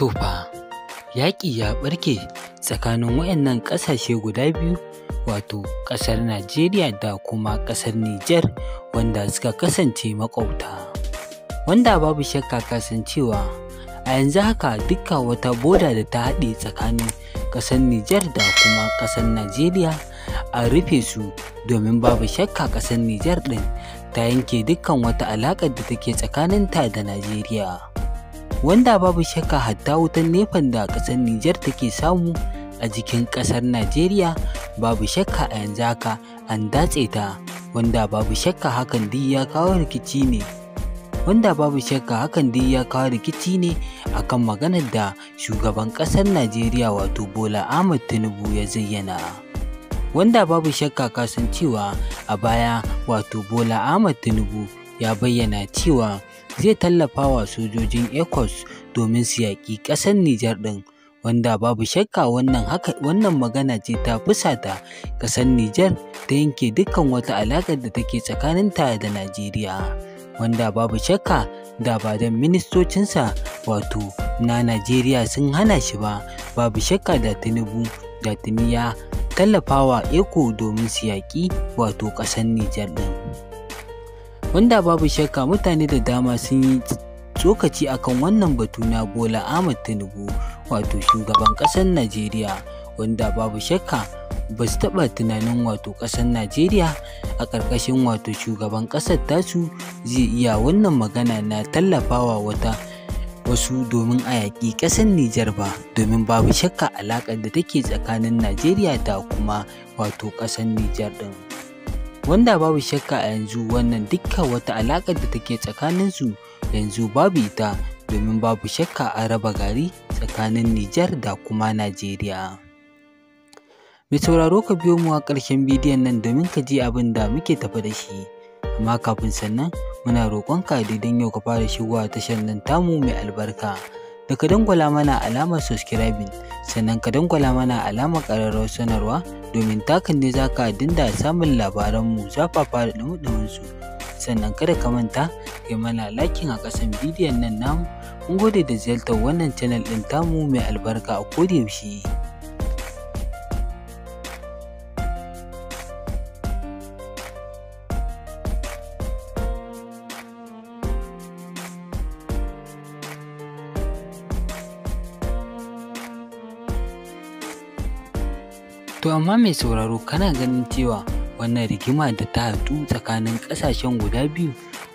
To yaƙi ya ɓarke tsakanin wayannan ƙasashe guda biyu wato ƙasar Najeriya da kuma ƙasar Nijar wanda suka kasance maƙwabta. Wanda babu shakka kasancewa a yanzu haka dukka wata boda da ta haɗe tsakanin ƙasar Nijar da kuma ƙasar Najeriya a rufe su domin babu shakka ƙasar Nijar ɗin ta yanke dukkan wata alaƙar da take tsakaninta da Najeriya. wanda babu shakka hatta wutan nefan da ƙasar Nijar take samu a jikin ƙasar Najeriya babu shakka a yanzu haka an datse ta wanda babu shakka hakan duk ya kawo rikici ne wanda babu shakka hakan duk ya kawo rikici ne akan maganar da shugaban ƙasar Najeriya wato Bola Ahmed Tinubu ya zayyana wanda babu shakka kasancewa a baya wato Bola Ahmed Tinubu ya bayyana cewa zai tallafa wa sojojin Ecos domin su yaƙi ƙasar Nijar ɗin. Wanda babu shakka wannan magana ce ta fusata ƙasar Nijar ta yanke dukkan wata alaƙar da take tsakanin ta da Najeriya. Wanda babu shakka da ba don ministocinsa wato na Najeriya sun hana shi ba babu shakka da Tinubu da Tuniya ya tallafawa eko domin su yaƙi wato ƙasar Nijar ɗin. wanda babu shakka mutane da dama sun yi tsokaci akan wannan batu na bola ahmad tinubu wato shugaban kasar najeriya wanda babu shakka ba su taɓa tunanin wato kasar najeriya a ƙarƙashin wato shugaban ƙasar tasu zai iya wannan magana na tallafawa wata wasu domin a yaƙi ƙasar Nijar ba domin babu shakka alaƙar da take tsakanin Najeriya ta kuma wato ƙasar Nijar ɗin. wanda babu shakka a yanzu wannan dukkan wata alaƙar da take tsakaninsu yanzu babu ita domin babu shakka a raba gari tsakanin Nijar da kuma Najeriya. Mai sauraro ka biyo mu a ƙarshen bidiyon nan domin ka ji abin da muke tafi da shi. Amma kafin sannan muna roƙonka da idan yau ka fara shigowa tashar nan tamu mai albarka. da ka dangwala mana alamar subscribing sannan ka dangwala mana alamar ƙararrawar sanarwa domin takan ne za ka dinda samun labaranmu zafafa da ɗumuɗuminsu sannan kada ka manta kai mana lakin a ƙasan bidiyon nan namu mun gode da ziyartar wannan channel ɗin tamu mai albarka a kodayaushe. To amma mai sauraro kana ganin cewa wannan rigima da ta haɗu tsakanin ƙasashen guda biyu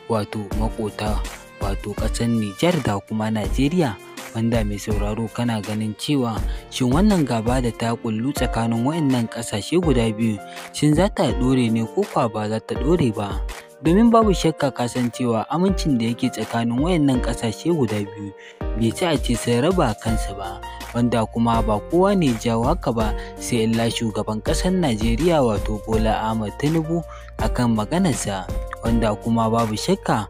wato makota wato ƙasar Nijar da kuma Najeriya wanda mai sauraro kana ganin cewa shin wannan gaba da ta kullu tsakanin waɗannan ƙasashe guda biyu shin za ta ɗore ne ko kwa ba za ta ɗore ba. domin babu shakka cewa amincin da yake tsakanin wayannan ƙasashe guda biyu bai ci a ce sun raba kansa ba wanda kuma ba kowa ne jawo haka ba sai illa shugaban ƙasar najeriya wato bola ahmad tinubu akan maganarsa wanda kuma babu shakka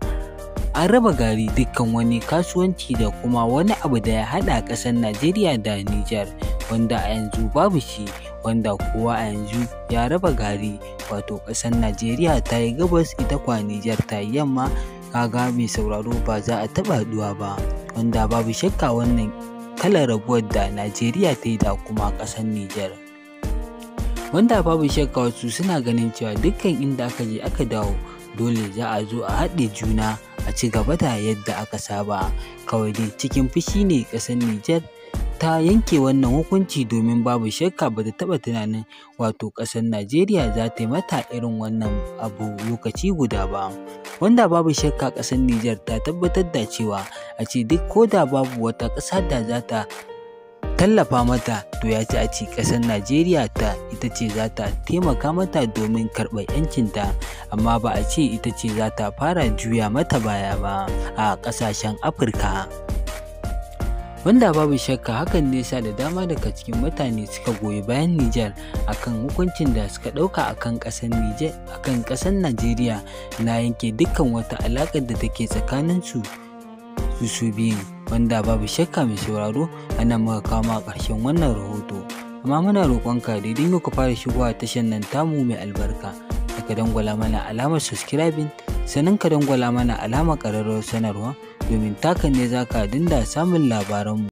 an raba gari dukkan wani kasuwanci da kuma wani abu da ya haɗa ƙasar najeriya da Niger, wanda a yanzu babu shi wanda kowa a yanzu ya raba gari wato ƙasar najeriya ta yi gabas ita kwa nijar ta yi yamma kaga mai sauraro ba za a taɓa haɗuwa ba wanda babu shakka wannan kalar rabuwar da najeriya ta yi da kuma ƙasar nijar wanda babu shakka wasu suna ganin cewa dukkan inda aka je aka dawo dole za a zo a haɗe juna a ci gaba da yadda aka saba kawai dai cikin fushi ne ƙasar nijar ta yanke wannan hukunci domin babu shakka ba ta taɓa tunanin wato ƙasar najeriya za ta yi mata irin wannan abu lokaci guda ba wanda babu shakka ƙasar Niger ta tabbatar da cewa a ce duk ko da babu wata ƙasa da za ta tallafa mata to ya ci a ci ƙasar najeriya ta ita ce za ta taimaka mata domin karɓar yancinta amma ba a ce ita ce za ta fara juya mata baya ba a ƙasashen afirka wanda babu shakka hakan ne sa da dama daga cikin mutane suka goyi bayan Nijar akan hukuncin da suka ɗauka akan ƙasar Nijar akan ƙasar Najeriya na yanke dukkan wata alaƙar da take tsakanin su su su biyun wanda babu shakka mai sauraro ana muka kama ƙarshen wannan rahoto amma muna roƙonka da idan ka fara shigowa tashar nan tamu mai albarka ka dangwala mana alamar subscribing sannan ka dangwala mana alamar ƙararrawar sanarwa domin taka ne za ka dinda samun labaranmu.